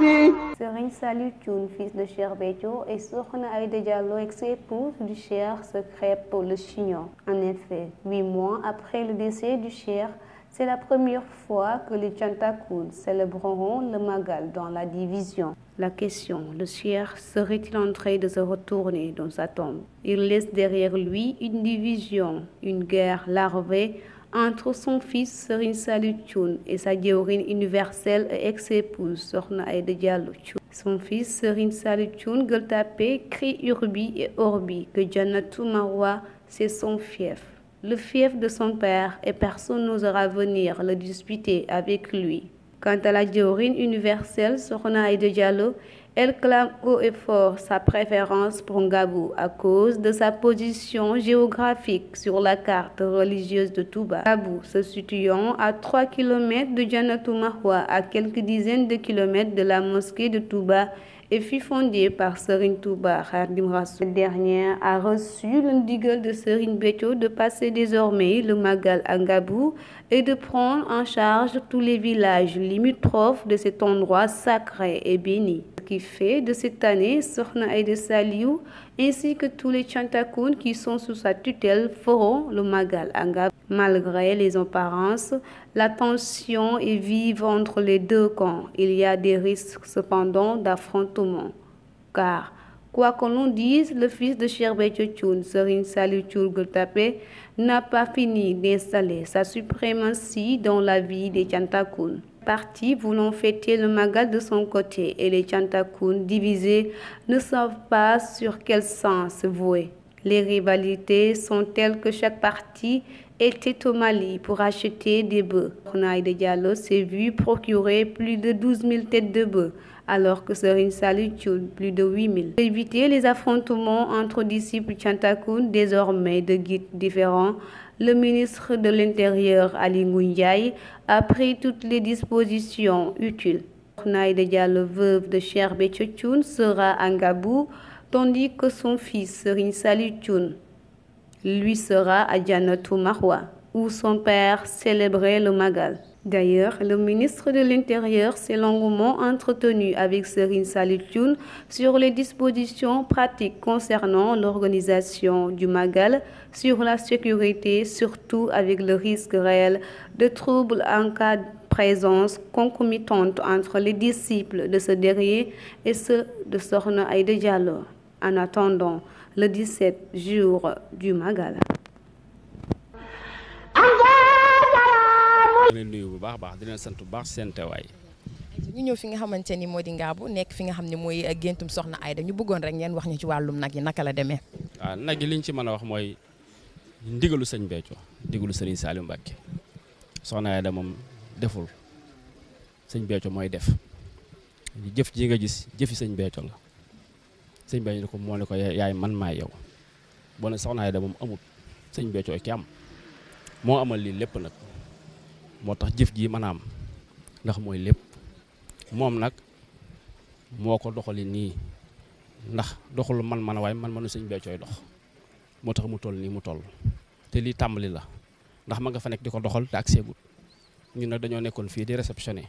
merci. Serigne Saliou Thioune fils de Cheikh Béthio et Sokhna Aïda Diallo ex-épouse du Cheikh se crêpent le chignon. En effet, huit mois après le décès du Cheikh, c'est la première fois que les Thiantacounes célébreront le Magal dans la division. La question, le Cheikh serait-il en train de se retourner dans sa tombe? Il laisse derrière lui une division, une guerre larvée. entre son fils Serigne Saliou Thioune et sa jëwriñ universelle et ex-épouse Sokhna Aïda Diallo Thioune. Son fils Serigne Saliou Thioune Gueule Tapée crie Urbi et Orbi que Jannatou Mahwa c'est son fief. Le fief de son père et personne n'osera venir le disputer avec lui. Quant à la jëwriñ universelle Sokhna Aïda Diallo Elle clame haut et fort sa préférence pour Ngabou à cause de sa position géographique sur la carte religieuse de Touba. Ngabou se situant à 3 km de Djanatou Mahwa, à quelques dizaines de kilomètres de la mosquée de Touba, et fut fondée par Serine Touba Khadim Cette dernière a reçu le ndigal de Serine Beto de passer désormais le Magal à et de prendre en charge tous les villages limitrophes de cet endroit sacré et béni. qui fait de cette année Sokhna Aïda Saliou ainsi que tous les Tchantakoun qui sont sous sa tutelle feront le Magal à Ngabou. Malgré les apparences, la tension est vive entre les deux camps. Il y a des risques cependant d'affrontement. Car, quoi que l'on dise, le fils de Sherbet Tchoun, Serine Salih Goltapé, n'a pas fini d'installer sa suprématie dans la vie des Tchantakoun partis voulant fêter le magal de son côté et les Chantakoun divisés ne savent pas sur quel sens vouer. Les rivalités sont telles que chaque parti était au Mali pour acheter des bœufs. Naïda Diallo s'est vu procurer plus de 12 000 têtes de bœufs, alors que Serine Salih plus de 8 000. Pour éviter les affrontements entre disciples Tchantakoun, désormais de guides différents, le ministre de l'Intérieur, Ali Ndiaye, a pris toutes les dispositions utiles. Naïda Diallo, veuve de Cher Betchotchoun, sera en Gabou, tandis que son fils, Serine Salih Lui sera à Jannatu Mahwa, où son père célébrait le Magal. D'ailleurs, le ministre de l'Intérieur s'est longuement entretenu avec Serine Salitoun sur les dispositions pratiques concernant l'organisation du Magal, sur la sécurité, surtout avec le risque réel de troubles en cas de présence concomitante entre les disciples de ce dernier et ceux de Sorna Aïde Diallo. En attendant, le 17 jour du Magal. di leen nuyu bu baax baax di leen sant bu baax seen teewaay. ñu ñëw fi nga xamante ni moo di Ngabou nekk fi nga xam ne mooy uh, géntum soxna Aida ñu bëggoon rek ngeen wax ñu ci wàllum nag yi naka la demee. waaw nag yi liñ ci mën a wax mooy ndigalu sëñ Béthio ndigalu sëriñ Saliou Mbacké soxna Aida moom deful sëñ Béthio mooy def jëf ji nga gis jëfi sëñ Béthio la. sëñ bi ñu ko moo ne ko yaay man maa yow boo ne soxna Ayda moom amut sëñ Béthio am moo amal lii lépp nag moo tax jëf ji mën a am ndax mooy lépp moom nag moo ko doxali nii ndax doxul man man waaye man manu sëñ Béthio dox moo tax mu toll nii mu toll te lii tàmbali la ndax ma nga fa nekk di ko doxal te ak seegut ñun nag dañoo nekkoon fii di réceptionné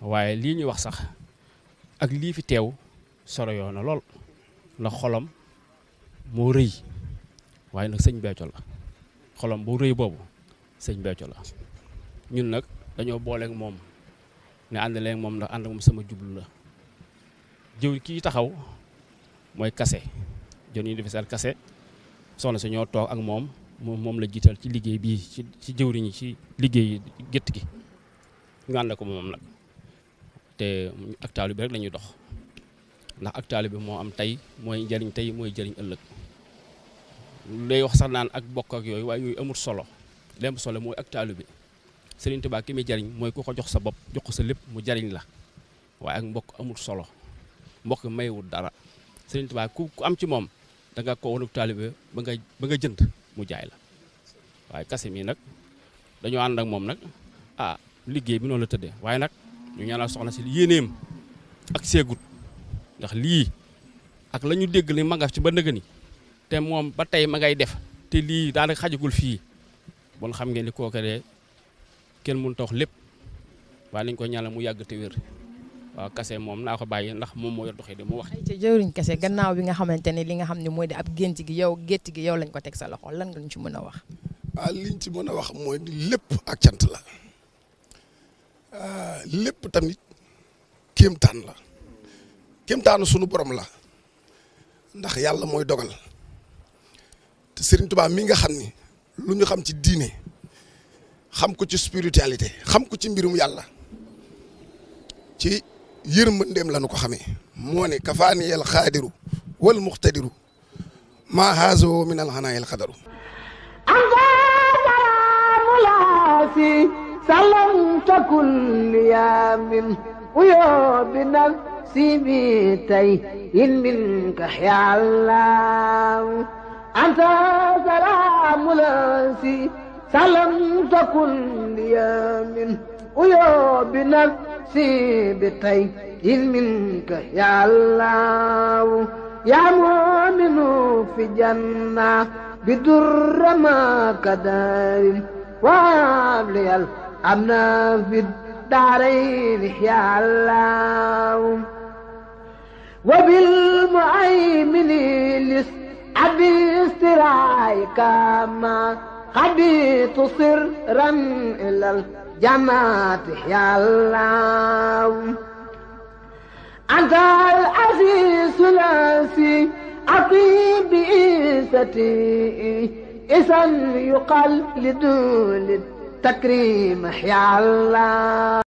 waaye lii ñuy wax sax ak lii fi teew soro yoo lool ndax xolam moo rëy waaye nag sëñ Béthio la xolom bu rëy boobu sëñ Béthio la ñun nag dañoo booleek moom nga ànd leen moom ndax ànd moom sama jublu la jëw kii taxaw mooy kase jon universel kase soxna si ñoo toog ak moom moom moom la jiital ci liggéey bi ci ci jëwriñ ci liggéey gétt gi ñu ànd ko moom nag te ak taalu bi rek la ñuy dox ndax ak taalibe moo am tey mooy njëriñ tey mooy jariñ ëllëg lay wax sax naan ak bokk ak yooyu waaye yooyu amul solo lem solo mooy ak taalibe Sëriñ Tuubaa ki muy jëriñ mooy ku ko jox sa bopp jox sa lépp mu jariñ la waaye ak mbokk amul solo mbokk maywul dara Sëriñ Tuubaa ku ku am ci moom danga nga ko wonuk taalibe ba nga jënd mu jaay la waaye kase mii nag dañoo ànd ak moom nag ah liggéey bi noonu la tëddee waaye nag ñu ñaanal soxna si yéeneem ak seegut ndax lii ak lañu dégg li ma ci ba nëgë ni te moom ba tey mangay def te lii daanaka xajagul fii bon xam ngeen ni kooku de kenn mun a lépp waaye nañ ko ñaanal mu yàgg te wér waaw kase moom naa ko bàyyi ndax moom mooy yor doxee di mu wax. ayca jëwriñ kase gannaaw bi nga xamante ne li nga xam ne mooy di ab gént gi yow gétt gi yow lañ ko teg sa loxo lan nga ñu ci mën a wax. ah liñ ci mën a wax mooy lépp ak cant la ah, lépp tamit kéemtaan la. kéemtaanu sunu borom la ndax yàlla mooy dogal te Serigne Touba mi nga xam ni lu ñu xam ci diine xam ko ci spiritualité xam ko ci mbirum yàlla ci yërmandeem la nu ko xamee moo ne kafaani al xaadiru wal muxtadiru maa haazo min al xanaa al xadaru سلمت كل يوم ويوم بنفسي سيبتي إن منك يا الله أنت سلام لاسي سلام تكن لي من ويا بنفسي بتي إن منك يا الله يا مؤمن في جنة بدر ما كدار وابلي الأمن في الدنيا الدارين يا الله وبالمؤمن لس أبي سرايك ما خديت سرا إلى الجماعة يا الله أنت العزيز الأسي أطيب إيستي إذا يقال لدول التكريم يا الله